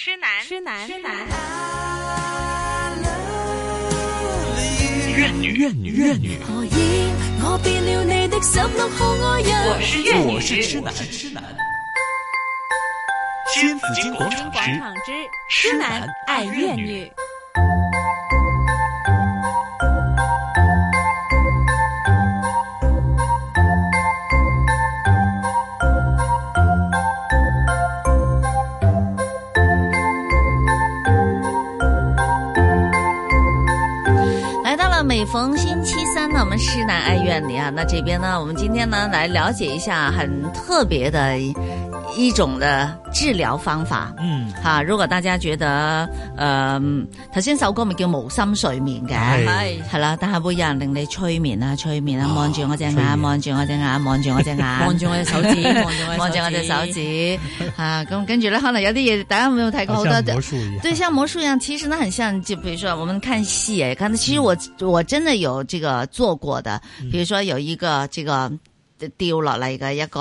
痴男，痴男，痴男。怨女，怨女，怨女。我是怨女，我是痴男，痴男。金紫荊廣場之痴男愛怨女。逢星期三呢，我們詩南愛院裏啊，那這邊呢，我們今天呢，來了解一下很特別的。一種的治療方法，嗯，吓，如果大家覺得，誒、呃，頭先首歌咪叫無心睡眠嘅，係係啦，但係會有人令你催眠啊，催眠啊，望住、啊哦、我隻眼，望住我隻眼，望住我隻眼，望住我隻手指，望住 我隻手指，吓、啊，咁跟住咧，可能有啲嘢大家有冇睇過好多，對，對，像魔術一樣，其實呢，很像，就比如說，我們看戲誒，其實我、嗯、我真的有這個做過的，比如說有一個這個。掉落嚟嘅一個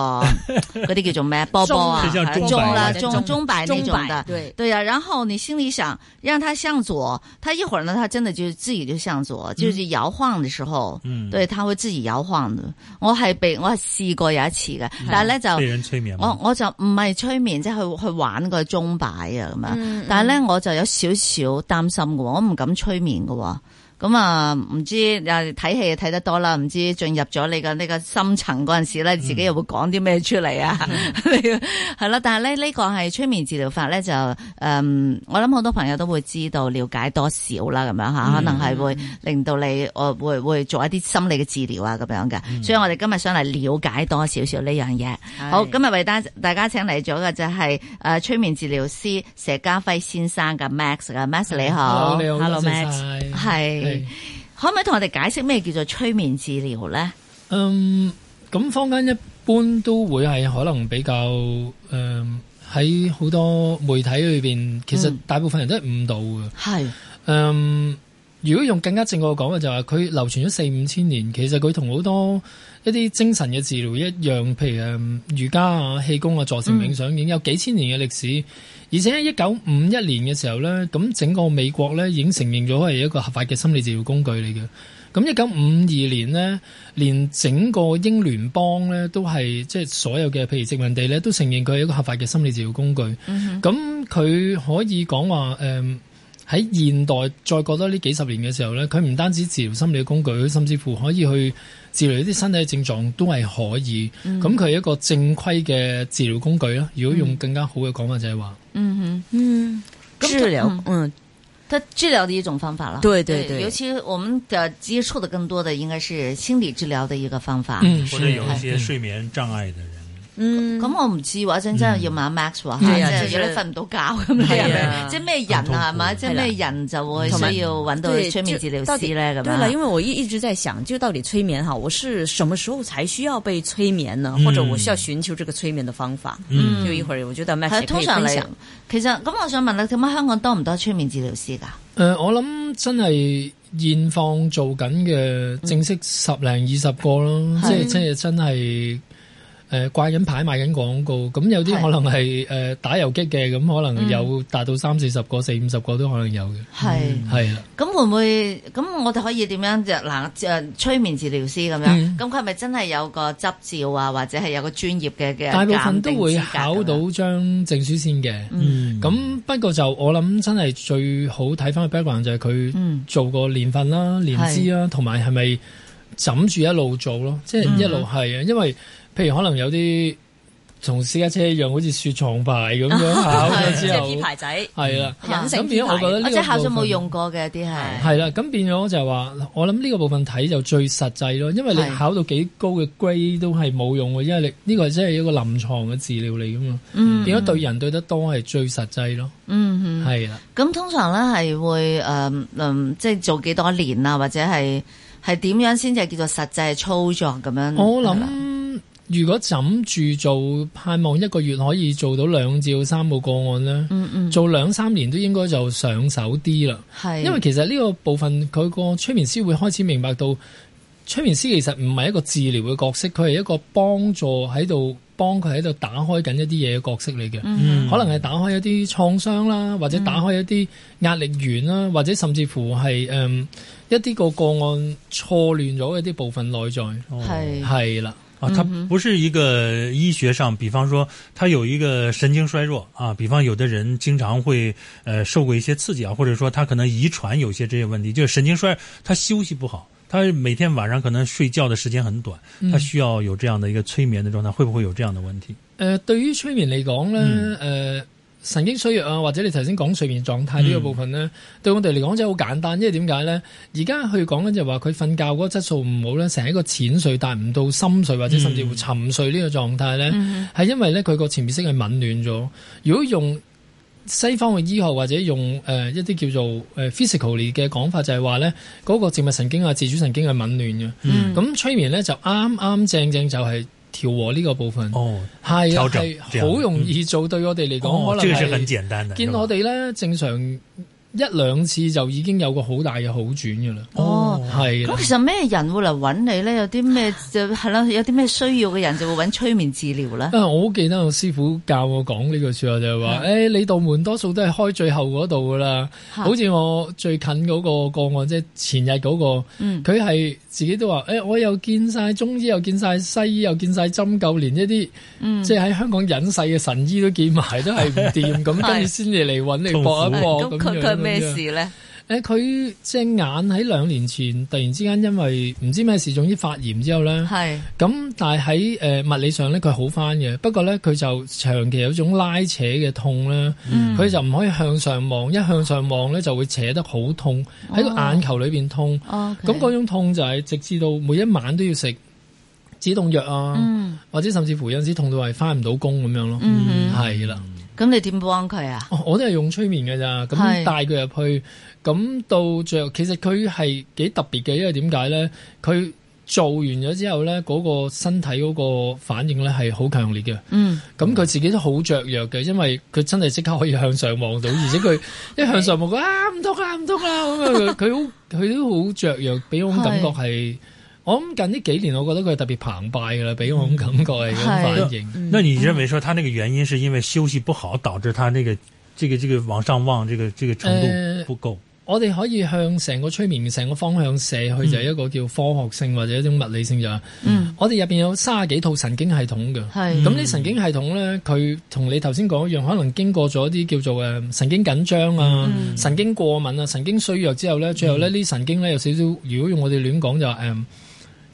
嗰啲叫做咩波波啊，中啦中中擺那種的，對白，對啊。然後你心裏想讓他向左，他一會兒呢，他真的就自己就向左，就是搖晃的時候，嗯、對，他會自己搖晃的。我係被我試過有一次嘅，但係咧就、嗯、我我就唔係催眠，即、就、係、是、去去玩個鐘擺啊咁樣。嗯嗯但係咧我就有少少擔心嘅，我唔敢催眠嘅。咁啊，唔、嗯、知啊睇戲睇得多啦，唔知進入咗你嘅呢個深層嗰陣時咧，你自己又會講啲咩出嚟啊？係啦、嗯， 但係咧呢個係催眠治療法咧，就誒、呃，我諗好多朋友都會知道、了解多少啦，咁樣吓，可能係會令到你我、呃、會會做一啲心理嘅治療啊，咁樣嘅。所以我哋今日想嚟了解多少少呢樣嘢。是好，今日為大大家請嚟咗嘅就係誒催眠治療師佘家輝先生嘅 Max 啊，Max 你好，Hello Max，係。Max 可唔可以同我哋解釋咩叫做催眠治療咧？嗯，咁坊間一般都會係可能比較，誒喺好多媒體裏邊，其實大部分人都係誤導嘅。係，嗯。如果用更加正確講話，就係話佢流傳咗四五千年，其實佢同好多一啲精神嘅治療一樣，譬如誒、呃、瑜伽啊、氣功啊、助成冥想，已經有幾千年嘅歷史。而且喺一九五一年嘅時候呢，咁整個美國呢已經承認咗係一個合法嘅心理治療工具嚟嘅。咁一九五二年呢，連整個英聯邦呢都係即係所有嘅譬如殖民地呢都承認佢係一個合法嘅心理治療工具。咁佢、嗯、哼可以講話誒。呃喺現代再過多呢幾十年嘅時候呢，佢唔單止治療心理工具，甚至乎可以去治療一啲身體嘅症狀都係可以。咁佢係一個正規嘅治療工具啦，如果用更加好嘅講法就係話，嗯哼，嗯，治療，嗯，佢治療的一種方法啦。對對對，尤其我們嘅接觸得更多的應該是心理治療的一個方法。嗯，或者有一些睡眠障礙的人。嗯嗯，咁我唔知，話真真係要問 Max 話吓，即係有啲瞓唔到覺咁樣，即係咩人啊，係嘛，即係咩人就會需要揾到催眠治療師。對啦，因為我一一直在想，就到底催眠哈，我是什麼時候才需要被催眠呢？或者我需要尋求這個催眠嘅方法？嗯，要 require Max。係通常嚟，其實咁，我想問你，咁啊，香港多唔多催眠治療師噶？誒，我諗真係現況做緊嘅正式十零二十個咯，即係即係真係。誒掛緊牌賣緊廣告，咁有啲可能係誒打遊擊嘅，咁的可能有達到三四十個、四五十個都可能有嘅。係係啊，咁、嗯、的會唔會？咁我哋可以點樣就嗱誒催眠治療師咁樣？咁佢係咪真係有個執照啊？或者係有個專業嘅嘅？大部分都會考到張證書先嘅。嗯，咁、嗯、不過就我諗真係最好睇翻 background 就係佢做過年份啦、年、嗯、資啦，同埋係咪？枕住一,一路做咯，即係一路係啊，因為譬如可能有啲同私家車一樣，好似雪藏牌咁樣考咗之後，咁變咗我覺得，或者考咗冇用過嘅啲係，係啦，咁變咗就話，我諗呢個部分睇就，就最實際咯，因為你考到幾高嘅 grade 都係冇用，是因為你呢、這個真係一個臨床嘅治療嚟噶嘛，變咗、嗯嗯嗯、對人對得多係最實際咯，嗯，嗯嗯，係啦的，咁通常咧係會誒、呃呃、即係做幾多年啊，或者係。係點樣先就叫做實際操作咁樣？我諗如果枕住做，盼望一個月可以做到兩至三冇個案咧，嗯嗯 做兩三年都應該就上手啲啦。係是，因為其實呢個部分佢個催眠師會開始明白到，催眠師其實唔係一個治療嘅角色，佢係一個幫助喺度。幫佢喺度打開緊一啲嘢嘅角色嚟嘅，可能係打開一啲創傷啦，或者打開一啲壓力源啦，嗯、哼或者甚至乎係誒、呃、一啲個個案錯亂咗一啲部分內在，係係啦。是啊，佢不是一個醫學上，比方說，佢有一個神經衰弱啊，比方有的人經常會誒、呃、受過一些刺激啊，或者說佢可能遺傳有些這些問題，就是，神經衰弱，佢休息不好。佢每天晚上可能睡覺嘅時間很短，他需要有這樣的一個催眠的狀態，會不會有這樣的問題？誒、呃，對於催眠嚟講呢誒、嗯呃，神經衰弱啊，或者你頭先講睡眠狀態呢個部分呢、嗯、對我哋嚟講就好簡單，因為點解呢？而家去講呢，就話佢瞓覺嗰個質素唔好呢成一個淺睡，但唔到深睡或者甚至乎沉睡呢個狀態呢係、嗯、因為呢，佢個潛意識係紊亂咗，如果用。西方嘅醫學或者用誒、呃、一啲叫做誒、呃、physical 嚟嘅講法就，就係話咧嗰個植物神經啊、自主神經係紊亂嘅。咁、嗯、催眠咧就啱啱正正就係調和呢個部分。哦，係啊，係好容易做，對我哋嚟講，哦、可能很簡單見我哋咧嗎正常。一兩次就已經有個好大嘅好轉嘅啦。哦，係。咁其實咩人會嚟揾你咧？有啲咩就係啦，有啲咩需要嘅人就會揾催眠治療咧。啊！我好記得我師傅教我講呢句說話就係話，誒，你道門多數都係開最後嗰度噶啦。好似我最近嗰個個案即係前日嗰個，佢係自己都話，誒，我又見晒中醫，又見晒西醫，又見晒針灸，連一啲即係喺香港隱世嘅神醫都見埋，都係唔掂。咁跟住先至嚟揾你搏一搏咁樣。.咩事咧？誒，佢隻眼喺兩年前突然之間因為唔知咩事，總之發炎之後咧，係咁是。但係喺誒物理上咧，佢好翻嘅。不過咧，佢就長期有種拉扯嘅痛咧，佢、嗯、就唔可以向上望，一向上望咧就會扯得好痛，喺個眼球裏邊痛。咁嗰、哦哦 okay. 種痛就係直至到每一晚都要食止痛藥啊，嗯、或者甚至乎有陣時痛到係翻唔到工咁樣咯。嗯，哼嗯，係啦。咁你點幫佢啊、哦？我都係用催眠㗎咋，咁帶佢入去，咁是到着。其實佢係幾特別嘅，因為點解咧？佢做完咗之後咧，嗰、那個身體嗰個反應咧係好強烈嘅。嗯，咁佢自己都好雀躍嘅，因為佢真係即刻可以向上望到，而且佢一向上望， 啊唔痛啦，唔痛啦，咁佢佢都好雀躍，俾我感覺係。我諗近呢幾年，我覺得佢係特別澎湃噶啦，俾我咁感覺咁反應。那你認為說，他呢個原因是因為休息不好導致他呢、那個這個、這個、這個往上望，這個這個程度不夠、嗯，呃？我哋可以向成個催眠成個方向射去，就係、是、一個叫科學性或者一種物理性就係、是。嗯、我哋入邊有三十幾套神經系統嘅，咁呢、嗯、神經系統呢，佢同你頭先講一樣，可能經過咗啲叫做誒神經緊張啊、嗯、神經過敏啊、神經衰弱之後呢。最後呢，呢神經呢有少少，如果用我哋亂講就誒。嗯嗯嗯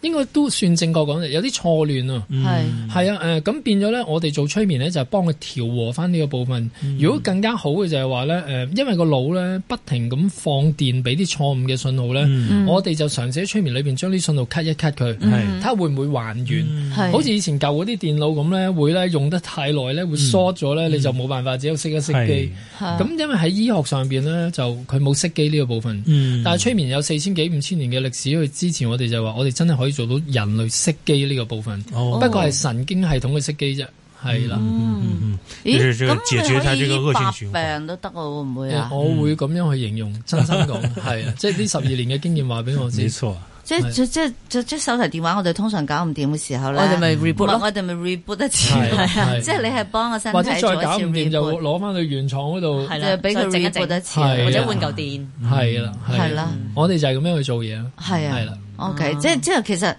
應該都算正確講有啲錯亂、嗯、啊。係係啊，誒咁變咗咧，我哋做催眠咧就係幫佢調和翻呢個部分。如果更加好嘅就係話咧，誒、呃、因為個腦咧不停咁放電俾啲錯誤嘅信號咧，嗯、我哋就嘗試喺催眠裏邊將啲個信號 cut 一 cut 佢，睇下、嗯、會唔會還原。嗯、好似以前舊嗰啲電腦咁咧，會咧用得太耐咧會 short 咗咧，嗯、你就冇辦法只有熄一熄機。係咁，因為喺醫學上邊咧就佢冇熄機呢個部分。嗯、但係催眠有四千幾五千年嘅歷史去支持我哋，就話我哋真係可以。做到人類息機呢個部分，不過係神經系統嘅息機啫，係啦。咁解決下都得啊？會唔會啊？我會咁樣去形容，真心講係啊，即係呢十二年嘅經驗話俾我知。冇錯啊！即係即係即手提電話，我哋通常搞唔掂嘅時候咧，我哋咪 reboot 我哋咪一次，係啊！即係你係幫個身體或者再搞唔掂就攞翻去原廠嗰度，係啦，俾佢整 e b 一次，或者換舊電。係啦，係啦，我哋就係咁樣去做嘢係啊，係啦。O Okay . K，嗯、即係即係，其實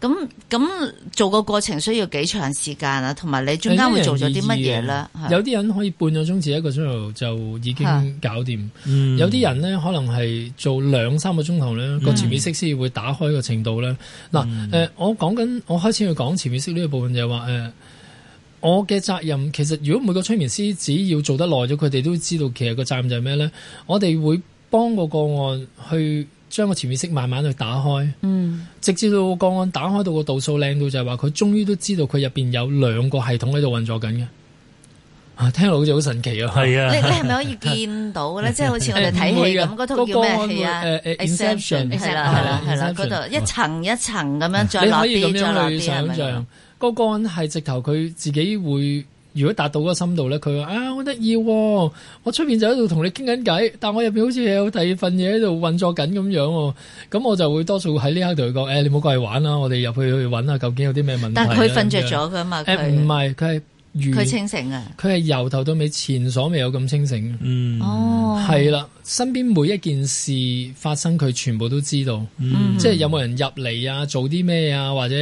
咁咁做個過程需要幾長時間啊？同埋你中間會做咗啲乜嘢咧？有啲人可以半個鐘至一個鐘頭就已經搞掂。嗯、有啲人咧可能係做兩三個鐘頭咧，個潛意識先至會打開個程度咧。嗱、嗯，誒、呃，我講緊，我開始去講潛意識呢個部分就係話，誒、呃，我嘅責任其實如果每個催眠師只要做得耐咗，佢哋都知道其實個責任就係咩咧？我哋會幫個個案去。將個潛意識慢慢去打開，直至到個個案打開到個度數靚到就係話，佢終於都知道佢入邊有兩個系統喺度運作緊嘅。啊，聽落好似好神奇啊！係啊，你你係咪可以見到咧？即係好似我哋睇戲咁，嗰套叫咩戲啊？誒誒，Inception 係啦，係啦，係啦，嗰度一層一層咁樣再落邊再落邊。你可以咁樣去想象，個個案係直頭佢自己會。如果達到嗰個深度咧，佢話啊好得意喎，我出邊就喺度同你傾緊偈，但我入邊好似有第二份嘢喺度運作緊咁樣喎、哦，咁我就會多數喺呢刻同佢講，誒、哎、你唔好過嚟玩啦、啊，我哋入去去揾啊，究竟有啲咩問題？但係佢瞓着咗㗎嘛，佢唔係佢係佢清醒啊，佢係由頭到尾前所未有咁清醒、嗯、哦，係啦，身邊每一件事發生，佢全部都知道，嗯、即係有冇人入嚟啊，做啲咩啊，或者。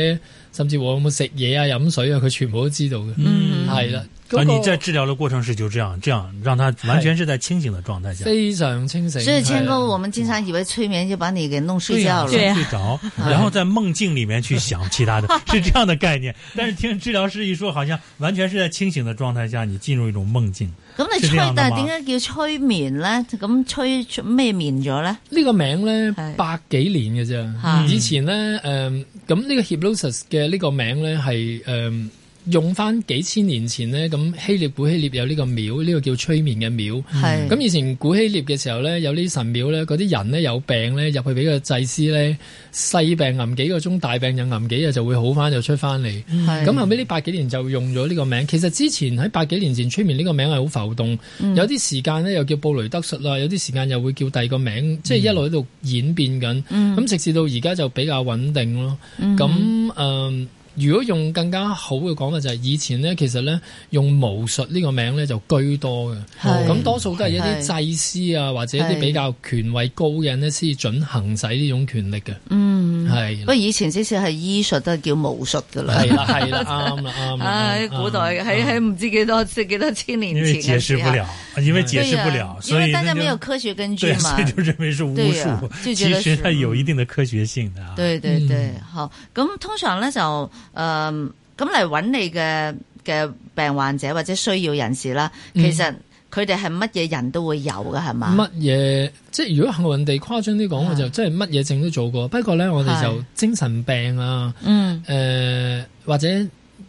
甚至我有冇食嘢啊、飲水啊，佢全部都知道嘅。嗯，係啦的。啊、那個，你在治療的過程是就這樣，這樣讓他完全是在清醒的狀態下。非常清醒。所以千哥，的我們經常以為催眠就把你給弄睡覺了，啊、睡着， 然後在夢境裏面去想其他的是這樣的概念。但是聽治療師一說，好像完全是在清醒的狀態下，你進入一種夢境。咁你吹，但係點解叫催眠咧？咁催咩眠咗咧？呢個名咧，是百幾年嘅啫。嗯、以前咧，誒、呃，咁呢個 hypnosis 嘅呢個名咧，係誒。呃用翻幾千年前呢，咁希臘古希臘有呢個廟，呢、這個叫催眠嘅廟。咁是以前古希臘嘅時候呢，有呢神廟呢，嗰啲人呢，有病呢，入去俾個祭司呢，細病吟幾個鐘，大病又吟幾日就會好翻，就出翻嚟。咁是後尾呢百幾年就用咗呢個名。其實之前喺百幾年前，催眠呢個名係好浮動，嗯、有啲時間呢，又叫布雷德術啦，有啲時間又會叫第二個名，即係、嗯、一路喺度演變緊。咁、嗯、直至到而家就比較穩定咯。咁嗯。如果用更加好嘅講法就係、是、以前呢，其實呢，用巫術呢個名呢，就居多嘅，咁是多數都係一啲祭司啊，是或者一啲比較權位高嘅人呢，先準行使呢種權力嘅。嗯，係了。不過以前少少係醫術都係叫巫術㗎啦。係啦，係啦。阿阿，喺古代，喺喺唔知幾多，即係幾多千年前，因為解釋不了，因為解釋不了，因為大家沒有科學根據嘛。所以就認為是巫術，其實它有一定嘅科學性嘅。對對對，好，咁通常呢就。誒，咁嚟揾你嘅嘅病患者或者需要人士啦，其實佢哋係乜嘢人都會有嘅，係嘛？乜嘢？即係如果行云地誇張啲講，我是就真係乜嘢症都做過。不過咧，我哋就精神病啊，誒是、呃，或者。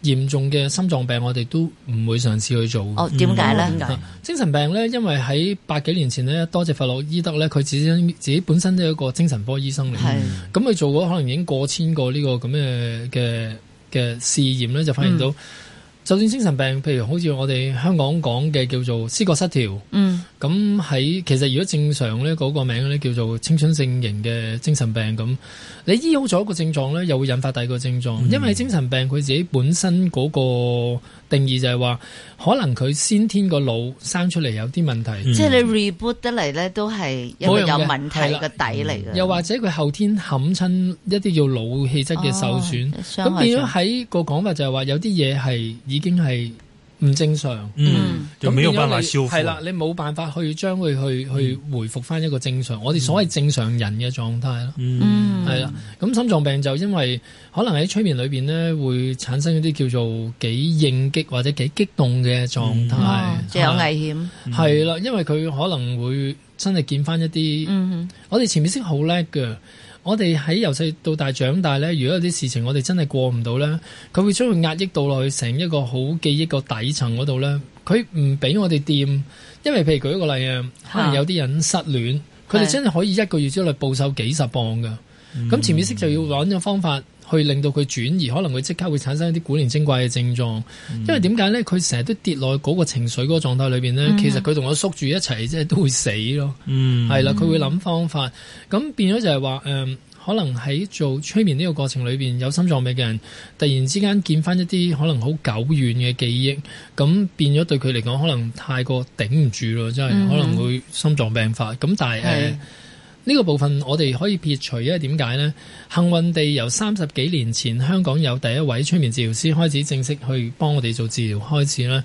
嚴重嘅心臟病，我哋都唔會嘗試去做。哦，點解呢？嗯、精神病呢，因為喺百幾年前呢，多謝弗洛伊德呢，佢自己自己本身都係一個精神科醫生嚟。係。咁佢的做過可能已經過千個呢、這個咁嘅嘅嘅試驗呢，就發現到，嗯、就算精神病，譬如好似我哋香港講嘅叫做思覺失調。嗯。咁喺其實如果正常咧嗰、嗰個名咧叫做青春性型嘅精神病咁，你醫好咗一個症狀咧，又會引發第二個症狀，因為精神病佢自己本身嗰個定義就係話，可能佢先天個腦生出嚟有啲問題，嗯、即係你 reboot 得嚟咧都係有問題嘅底嚟嘅。嗯、又或者佢後天冚親一啲叫腦氣質嘅受損，咁、哦、變咗喺個講法就係話，有啲嘢係已經係。唔正常，又冇辦法消化，係啦？你冇辦法去將佢去去回復翻一個正常，嗯、我哋所謂正常人嘅狀態咯，係啦、嗯。咁心臟病就因為可能喺催眠裏邊咧會產生一啲叫做幾應激或者幾激動嘅狀態，即、嗯哦、有危險。係啦了、嗯，因為佢可能會真係見翻一啲，嗯、哼我哋前面識好叻嘅。我哋喺由細到大長大呢，如果有啲事情我哋真係過唔到呢，佢會將佢壓抑到落去成一個好記憶個底層嗰度呢。佢唔俾我哋掂，因為譬如舉一個例啊，可能有啲人失戀，佢哋、啊、真係可以一個月之內暴瘦幾十磅噶，咁、嗯、潛意識就要揾個方法。去令到佢轉移，可能會即刻會產生一啲古靈精怪嘅症狀，嗯、因為點解呢？佢成日都跌落嗰個情緒嗰個狀態裏邊呢，嗯、其實佢同我縮住一齊，即係都會死咯。嗯，係啦，佢會諗方法，咁、嗯、變咗就係話誒，可能喺做催眠呢個過程裏邊，有心臟病嘅人突然之間見返一啲可能好久遠嘅記憶，咁變咗對佢嚟講，可能太過頂唔住咯，即係、嗯嗯、可能會心臟病發。咁但係誒。呃嗯嗯呢個部分我哋可以撇除，因為點解呢？幸運地由三十幾年前香港有第一位催眠治療師開始正式去幫我哋做治療開始呢，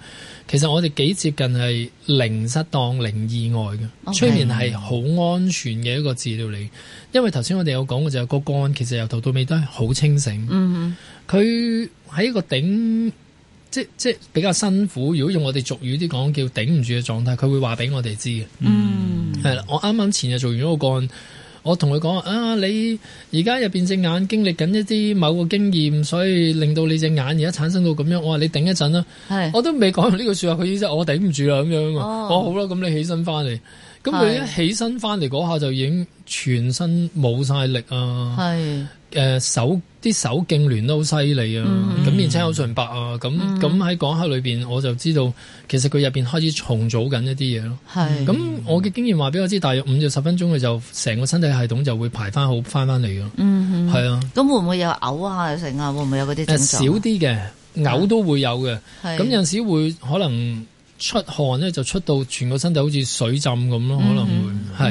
其實我哋幾接近係零失當、零意外嘅 Okay. 催眠係好安全嘅一個治療嚟。因為頭先我哋有講過就係個個案其實由頭到尾都係好清醒。佢喺、嗯、哼一個頂即即比較辛苦，如果用我哋俗語啲講叫頂唔住嘅狀態，佢會話俾我哋知嘅。嗯。嗯。係啦，我啱啱前日做完嗰個案，我同佢講啊，你而家入邊隻眼經歷緊一啲某個經驗，所以令到你隻眼而家產生到咁樣。我，你頂是我話你頂一陣啦，我都未講完呢句說話，佢已經即係我頂唔住啦咁樣啊！我話好啦，咁你起身翻嚟。咁佢一起身翻嚟嗰下就已經全身冇晒力啊！係誒是、呃、手啲手勁攣都好犀利啊！咁面青口唇白啊！咁咁喺講下裏邊我就知道，其實佢入邊開始重組緊一啲嘢咯。係咁是，我嘅經驗話俾我知，大約五至十分鐘佢就成個身體系統就會排翻好翻翻嚟咯。嗯、mm，係、hmm. 啊。咁會唔會有嘔啊？有成啊？會唔會有嗰啲？誒少啲嘅嘔都會有嘅。咁有陣時會可能。出汗咧就出到全個身體好似水浸咁咯，嗯、可能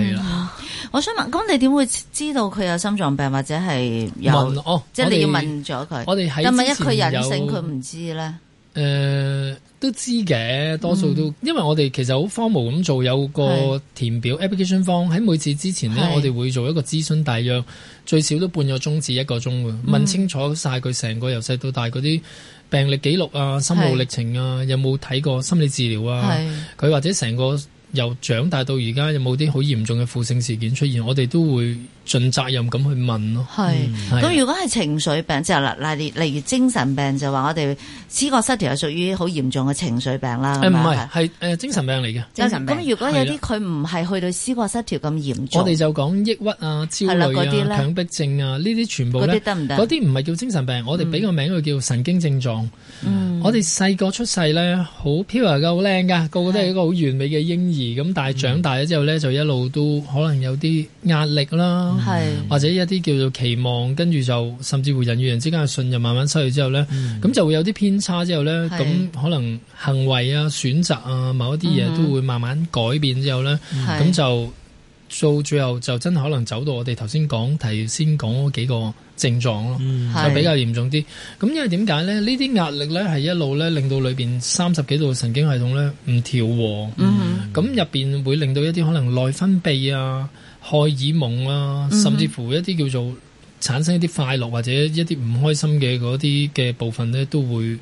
會係啦。嗯、是的 我想問，咁你點會知道佢有心臟病或者係有？哦、即係你要問咗佢。我哋喺之前有，問一佢人性，佢唔知咧。誒，都知嘅，多數都，嗯、因為我哋其實好荒蕪咁做，有個填表是 application form 喺每次之前咧，是我哋會做一個諮詢大約最少都半個鐘至一個鐘，問清楚晒佢成個由細到大嗰啲。病歷記錄啊，心路歷程啊，是有冇睇過心理治療啊？佢是或者成個。由長大到而家有冇啲好嚴重嘅負性事件出現，我哋都會盡責任咁去問咯。係，咁如果係情緒病就啦，例如例如精神病就話我哋思覺失調係屬於好嚴重嘅情緒病啦。唔係，係誒精神病嚟嘅。精神病咁如果有啲佢唔係去到思覺失調咁嚴重，我哋就講抑鬱啊、焦慮啲強迫症啊呢啲全部嗰啲得唔得？嗰啲唔係叫精神病，我哋俾個名佢叫神經症狀。我哋細個出世咧好 pure 嘅，好靚噶，個個都係一個好完美嘅嬰兒。咁但係長大咗之後呢，就一路都可能有啲壓力啦，是或者一啲叫做期望，跟住就甚至乎人與人之間嘅信任慢慢失去之後呢，咁、嗯、就會有啲偏差之後呢，咁是可能行為啊、選擇啊、某一啲嘢都會慢慢改變之後呢，咁、嗯、就。做最後就真係可能走到我哋頭先講，提先講嗰幾個症狀咯，嗯、就比較嚴重啲。咁是因為點解咧？呢啲壓力咧係一路咧令到裏邊三十幾度神經系統咧唔調和，咁入邊會令到一啲可能內分泌啊、荷爾蒙啊，甚至乎一啲叫做產生一啲快樂或者一啲唔開心嘅嗰啲嘅部分咧，都會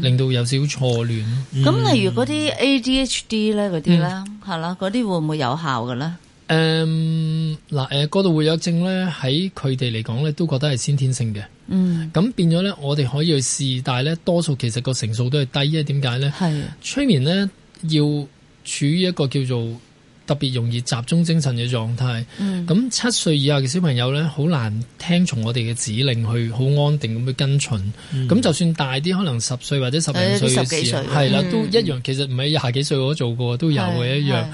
令到有少少錯亂。咁、嗯嗯、例如嗰啲 ADHD 咧嗰啲啦，係啦、嗯，嗰啲會唔會有效嘅咧？誒，嗱，誒，過度活躍症咧，喺佢哋嚟講咧，都覺得係先天性嘅。嗯，咁變咗咧，我哋可以去試，但係咧，多數其實個成數都係低。因為點解咧？係的催眠咧，Hence, 要處於一個叫做特別容易集中精神嘅狀態。嗯，咁七歲以下嘅小朋友咧，好難聽從我哋嘅指令去，好安定咁去跟循。咁、嗯、就算大啲，可能十歲或者十零歲嘅時，係啦，mm. 都一樣。其實唔係廿幾歲，我都做過，都有嘅一樣。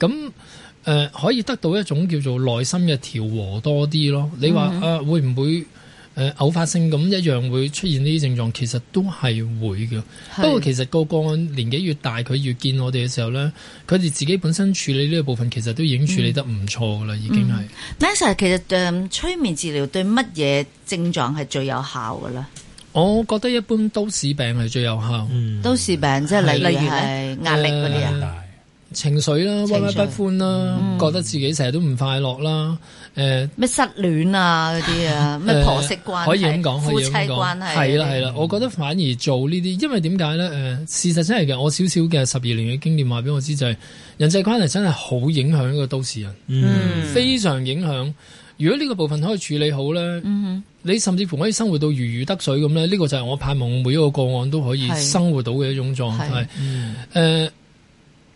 咁。誒、呃、可以得到一種叫做內心嘅調和多啲咯。你話誒、呃、會唔會誒、呃、偶發性咁一樣會出現呢啲症狀？其實都係會嘅。是不過其實個個案年紀越大，佢越見我哋嘅時候咧，佢哋自己本身處理呢個部分其實都已經處理得唔錯噶啦，嗯、已經係、嗯。Nasa 其實誒催眠治療對乜嘢症狀係最有效嘅咧？我覺得一般都市病係最有效。嗯、都市病即係例如係壓力嗰啲啊。呃呃呃情緒啦，鬱鬱不歡啦，嗯、覺得自己成日都唔快樂啦，誒、呃、咩失戀啊嗰啲啊，咩婆媳關係、呃、可以咁講,可以咁講、夫妻關係，係啦係啦。我覺得反而做呢啲，因為點解咧？誒、呃、事實真係嘅，我少少嘅十二年嘅經驗話俾我知就係、是、人際關係真係好影響一個都市人，嗯、非常影響。如果呢個部分可以處理好咧，嗯、哼你甚至乎可以生活到如魚得水咁咧。呢、這個就係我盼望每一個個案都可以生活到嘅一種狀態，誒的。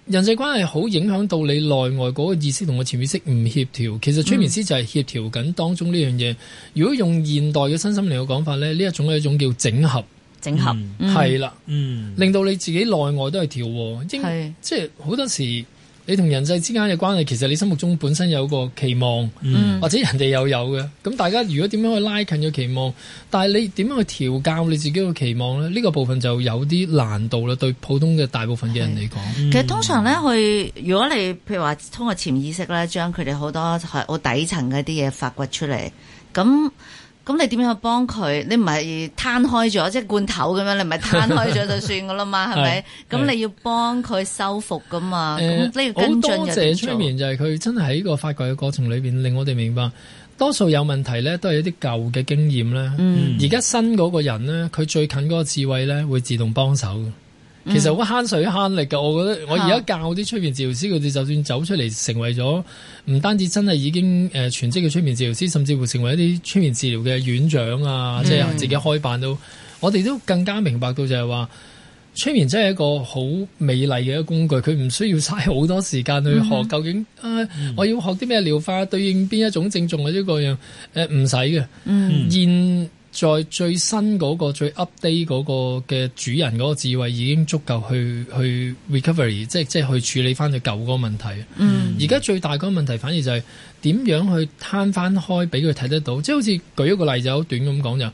人際關係好影響到你內外嗰個意，意識同個潛意識唔協調，其實催眠師就係協調緊當中呢樣嘢。如果用現代嘅身心靈嘅講法咧，呢一種係一種叫整合，整合係啦，嗯，了嗯令到你自己內外都係調和，應是即係即係好多時。你同人際之間嘅關係，其實你心目中本身有個期望，嗯、或者人哋又有嘅。咁大家如果點樣去拉近個期望，但係你點樣去調教你自己嘅期望呢？呢、呢個部分就有啲難度啦，對普通嘅大部分嘅人嚟講。其實通常呢，佢如果你譬如話通過潛意識呢，將佢哋好多好底層嘅啲嘢發掘出嚟，咁。咁你點樣去幫佢？你唔係攤開咗即係罐頭咁樣，你唔係攤開咗就算噶啦嘛，係咪？ 咁你要幫佢修復噶嘛？呢誒、 嗯，好多謝催眠，就係佢真係喺個發掘嘅過程裏邊，令我哋明白，多數有問題咧都係一啲舊嘅經驗咧。而家、嗯、新嗰個人咧，佢最近嗰個智慧咧會自動幫手。其實好慳水慳力㗎，我覺得我而家教啲催眠治療師，佢哋、啊、就算走出嚟成為咗唔單止真係已經誒全職嘅催眠治療師，甚至乎成為一啲催眠治療嘅院長啊，即係、嗯、自己開辦都，我哋都更加明白到就係話催眠真係一個好美麗嘅一個工具，佢唔需要嘥好多時間去學、嗯、究竟啊、呃，我要學啲咩療法對應邊一種症狀或者個樣誒，唔使嘅，嗯，嗯。在最新嗰個最 update 嗰個嘅主人嗰個智慧已經足夠去去 recovery，即係即係去處理返佢舊嗰個問題。嗯，而家最大嗰個問題反而就係點樣去攤返開俾佢睇得到，即係好似舉一個例子好短咁講就。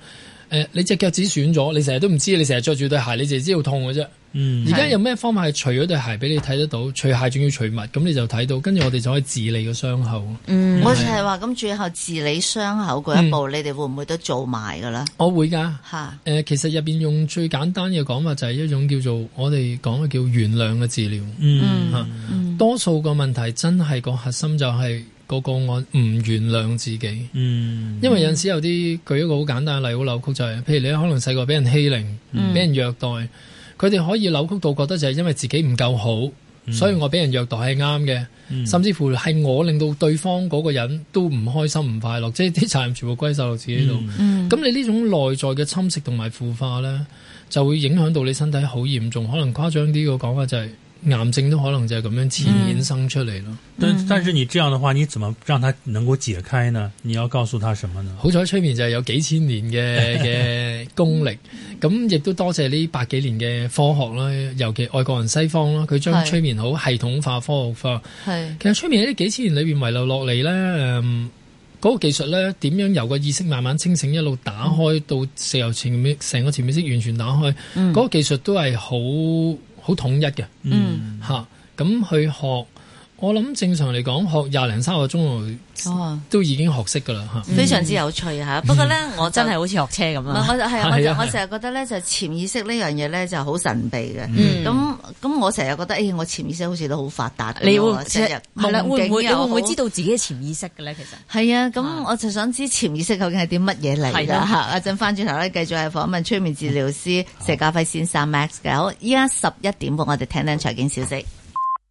誒，你隻腳趾損咗，你成日都唔知，你成日着住對鞋，你就知道痛嘅啫。嗯，而家有咩方法係除咗對鞋俾你睇得到？除鞋仲要除襪，咁你就睇到，跟住我哋就可以治理個傷口。嗯，是我就係話咁，最後治理傷口嗰一步，嗯、你哋會唔會都做埋噶咧？我會噶。吓是，誒、呃，其實入邊用最簡單嘅講法就係一種叫做我哋講嘅叫原諒嘅治療。嗯，嗯多數個問題真係、那個核心就係、是。個個我唔原諒自己，嗯，因為有陣時有啲，舉一個好簡單嘅例子，好扭曲就係、是，譬如你可能細個俾人欺凌，俾、嗯、人虐待，佢哋可以扭曲到覺得就係因為自己唔夠好，所以我俾人虐待係啱嘅，嗯、甚至乎係我令到對方嗰個人都唔開心唔快樂，即係啲責任全部歸晒落自己度，咁、嗯、你呢種內在嘅侵蝕同埋腐化呢，就會影響到你身體好嚴重，可能誇張啲嘅講法就係、是。癌症都可能就係咁樣衍生出嚟咯。嗯、但但是你這樣的話，你怎麼讓他能夠解開呢？你要告訴他什麼呢？好彩催眠就係有幾千年嘅嘅 功力，咁、嗯、亦都多謝呢百幾年嘅科學啦，尤其外國人西方啦，佢將催眠好系統化科學化。是其實催眠喺呢幾千年裏邊遺留落嚟呢，嗰、嗯，那個技術呢點樣由個意識慢慢清醒，一路打開到石油前面，成個前面識完全打開，嗰、嗯、個技術都係好。好統一嘅，嗯，嗯，吓，咁去學。我諗，正常嚟講，學廿零三個鐘頭都已經學識噶啦，吓，非常之有趣吓。不過咧，我真係好似學車咁啊！我係我成日覺得咧，就潛意識呢樣嘢咧就好神秘嘅。咁咁，我成日覺得誒，我潛意識好似都好發達。你會唔會會唔會知道自己嘅潛意識嘅咧？其實係啊，咁我就想知潛意識究竟係啲乜嘢嚟噶吓？阿振翻轉頭咧，繼續係訪問催眠治療師佘家輝先生 Max 嘅。好，依家十一點，我哋聽聽財經消息。